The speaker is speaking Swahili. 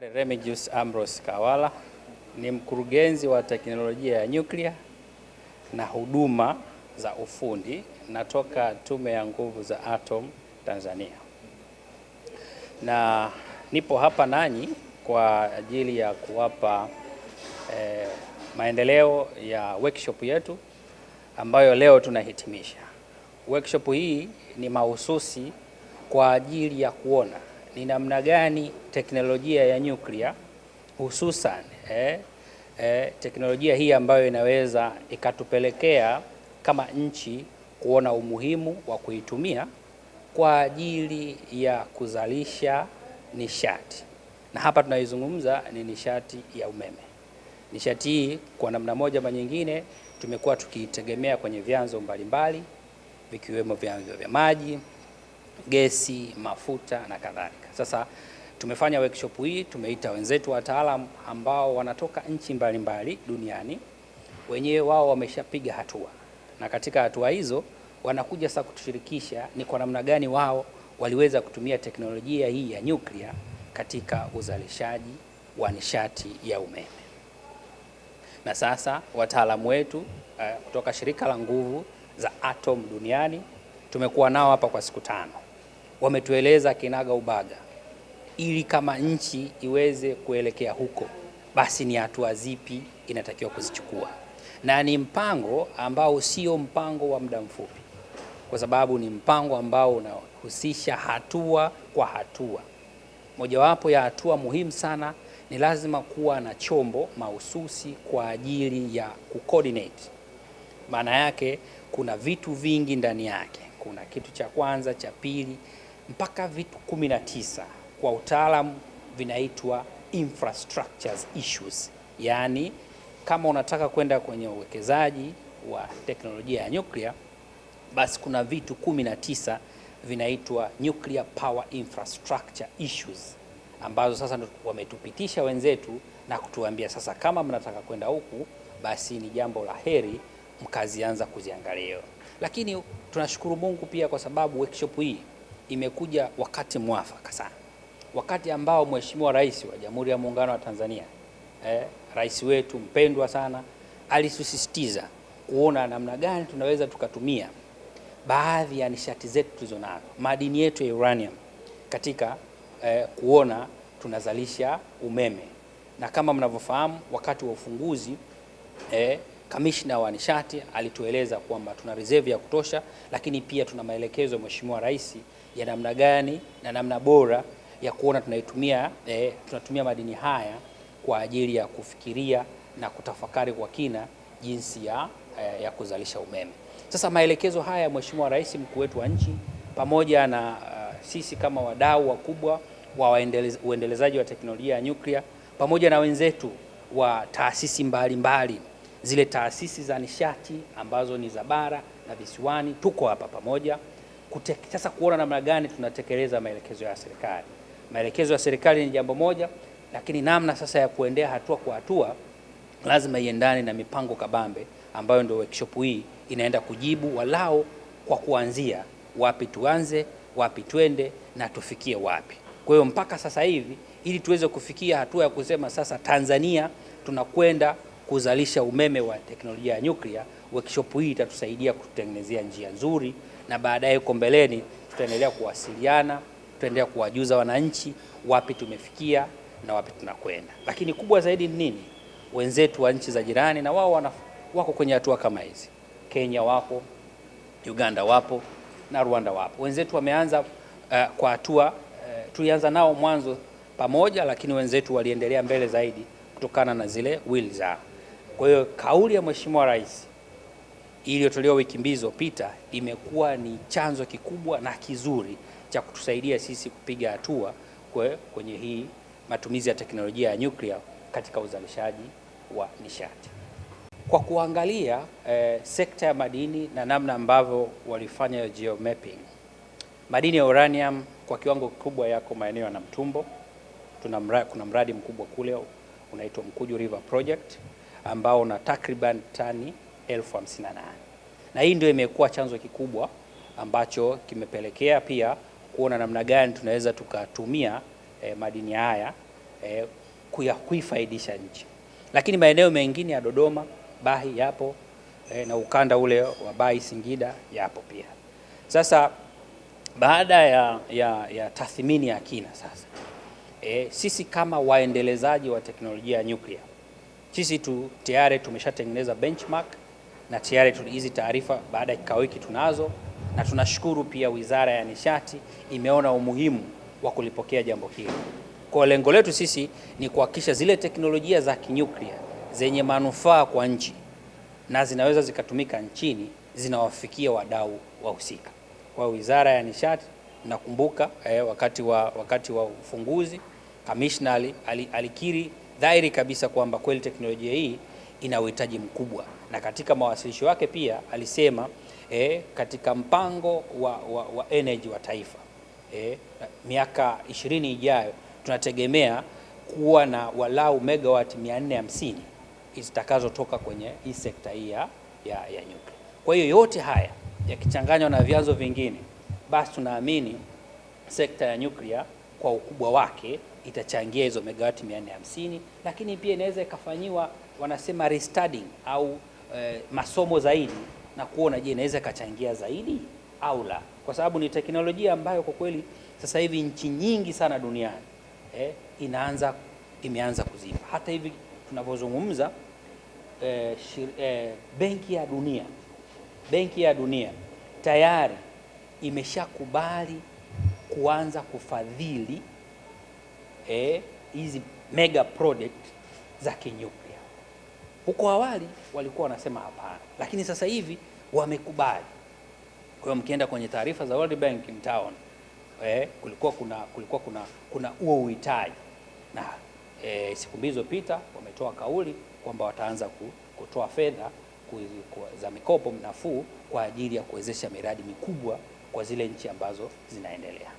Remigius Ambrose Kawala ni mkurugenzi wa teknolojia ya nyuklia na huduma za ufundi, natoka Tume ya Nguvu za Atom Tanzania, na nipo hapa nanyi kwa ajili ya kuwapa eh, maendeleo ya workshop yetu ambayo leo tunahitimisha. Workshop hii ni mahususi kwa ajili ya kuona ni namna gani teknolojia ya nyuklia hususan eh, eh, teknolojia hii ambayo inaweza ikatupelekea kama nchi kuona umuhimu wa kuitumia kwa ajili ya kuzalisha nishati, na hapa tunaizungumza ni nishati ya umeme. Nishati hii kwa namna moja ama nyingine tumekuwa tukiitegemea kwenye vyanzo mbalimbali vikiwemo vyanzo vya maji gesi, mafuta na kadhalika. Sasa tumefanya workshop hii, tumeita wenzetu wataalam ambao wanatoka nchi mbalimbali duniani, wenyewe wao wameshapiga hatua, na katika hatua hizo wanakuja sasa kutushirikisha ni kwa namna gani wao waliweza kutumia teknolojia hii ya nyuklia katika uzalishaji wa nishati ya umeme. Na sasa wataalamu wetu uh, kutoka shirika la nguvu za atom duniani tumekuwa nao hapa kwa siku tano wametueleza kinaga ubaga, ili kama nchi iweze kuelekea huko, basi ni hatua zipi inatakiwa kuzichukua, na ni mpango ambao sio mpango wa muda mfupi, kwa sababu ni mpango ambao unahusisha hatua kwa hatua. Mojawapo ya hatua muhimu sana ni lazima kuwa na chombo mahususi kwa ajili ya kucoordinate. Maana yake kuna vitu vingi ndani yake, kuna kitu cha kwanza, cha pili mpaka vitu 19 kwa utaalamu vinaitwa infrastructures issues, yaani kama unataka kwenda kwenye uwekezaji wa teknolojia ya nyuklia, basi kuna vitu 19 vinaitwa nuclear power infrastructure issues ambazo sasa wametupitisha wenzetu na kutuambia sasa, kama mnataka kwenda huku, basi ni jambo la heri mkazianza kuziangalia. Lakini tunashukuru Mungu pia kwa sababu workshop hii imekuja wakati mwafaka sana, wakati ambao Mheshimiwa Rais wa Jamhuri ya Muungano wa Tanzania eh, rais wetu mpendwa sana alitusisitiza kuona namna gani tunaweza tukatumia baadhi ya nishati zetu tulizonazo, madini yetu ya uranium katika eh, kuona tunazalisha umeme, na kama mnavyofahamu wakati wa ufunguzi eh, Kamishna wa nishati alitueleza kwamba tuna reserve ya kutosha, lakini pia tuna maelekezo ya Mheshimiwa Rais ya namna gani na namna bora ya kuona tunaitumia eh, tunatumia madini haya kwa ajili ya kufikiria na kutafakari kwa kina jinsi ya, eh, ya kuzalisha umeme. Sasa maelekezo haya ya Mheshimiwa Rais, mkuu wetu wa nchi, pamoja na uh, sisi kama wadau wakubwa wa uendelezaji wa teknolojia ya nyuklia pamoja na wenzetu wa taasisi mbalimbali mbali zile taasisi za nishati ambazo ni za bara na visiwani, tuko hapa pamoja sasa kuona namna gani tunatekeleza maelekezo ya serikali. Maelekezo ya serikali ni jambo moja, lakini namna sasa ya kuendea hatua kwa hatua lazima iendane na mipango kabambe ambayo ndio workshop hii inaenda kujibu, walao kwa kuanzia wapi tuanze, wapi twende na tufikie wapi. Kwa hiyo mpaka sasa hivi ili tuweze kufikia hatua ya kusema sasa Tanzania tunakwenda kuzalisha umeme wa teknolojia ya nyuklia. Workshop hii itatusaidia kutengenezea njia nzuri, na baadaye huko mbeleni tutaendelea kuwasiliana, tutaendelea kuwajuza wananchi wapi tumefikia na wapi tunakwenda. Lakini kubwa zaidi ni nini? Wenzetu wa nchi za jirani na wao wako kwenye hatua kama hizi. Kenya wapo, Uganda wapo na Rwanda wapo. Wenzetu wameanza uh, kwa hatua uh, tulianza nao mwanzo pamoja, lakini wenzetu waliendelea mbele zaidi kutokana na zile will zao. Kwa hiyo kauli ya Mheshimiwa Rais iliyotolewa wiki mbili zilizopita imekuwa ni chanzo kikubwa na kizuri cha kutusaidia sisi kupiga hatua kwenye hii matumizi ya teknolojia ya nyuklia katika uzalishaji wa nishati kwa kuangalia eh, sekta ya madini na namna ambavyo walifanya geomapping. Madini ya uranium kwa kiwango kikubwa yako maeneo ya Namtumbo. Tuna mra, kuna mradi mkubwa kule unaitwa Mkuju River Project ambao una takriban tani elfu hamsini na nane na hii ndio imekuwa chanzo kikubwa ambacho kimepelekea pia kuona namna gani tunaweza tukatumia eh, madini haya eh, kuifaidisha nchi. Lakini maeneo mengine ya Dodoma Bahi yapo eh, na ukanda ule wa Bahi Singida yapo pia. Sasa baada ya, ya, ya tathmini ya kina sasa eh, sisi kama waendelezaji wa teknolojia ya nyuklia sisi tu tayari tumeshatengeneza benchmark na tayari hizi taarifa baada ya kikao hiki tunazo, na tunashukuru pia Wizara ya Nishati imeona umuhimu wa kulipokea jambo hili. Kwa lengo letu sisi ni kuhakikisha zile teknolojia za kinyuklia zenye manufaa kwa nchi na zinaweza zikatumika nchini zinawafikia wadau wahusika. Kwa Wizara ya Nishati nakumbuka eh, wakati wa wakati wa ufunguzi kamishna alikiri dhahiri kabisa kwamba kweli teknolojia hii ina uhitaji mkubwa, na katika mawasilisho yake pia alisema eh, katika mpango wa, wa, wa energy wa taifa eh, miaka ishirini ijayo tunategemea kuwa na walau megawati 450 zitakazotoka kwenye hii sekta hii ya, ya, ya nyuklia. Kwa hiyo yote haya yakichanganywa na vyanzo vingine, basi tunaamini sekta ya nyuklia kwa ukubwa wake itachangia hizo megawati 450, lakini pia inaweza ikafanyiwa wanasema restudying au e, masomo zaidi na kuona je, inaweza ikachangia zaidi au la, kwa sababu ni teknolojia ambayo kwa kweli sasa hivi nchi nyingi sana duniani eh, inaanza imeanza kuzipa. Hata hivi tunavyozungumza eh, eh, Benki ya Dunia, Benki ya Dunia tayari imeshakubali kuanza kufadhili E hizi eh, mega project za kinyuklia. Huko awali walikuwa wanasema hapana, lakini sasa hivi wamekubali. Kwa hiyo mkienda kwenye taarifa za World Bank town eh, kulikuwa kuna kulikuwa kuna kuna huo uhitaji na eh, siku mbili zilizopita wametoa kauli kwamba wataanza kutoa fedha za mikopo nafuu kwa ajili ya kuwezesha miradi mikubwa kwa zile nchi ambazo zinaendelea.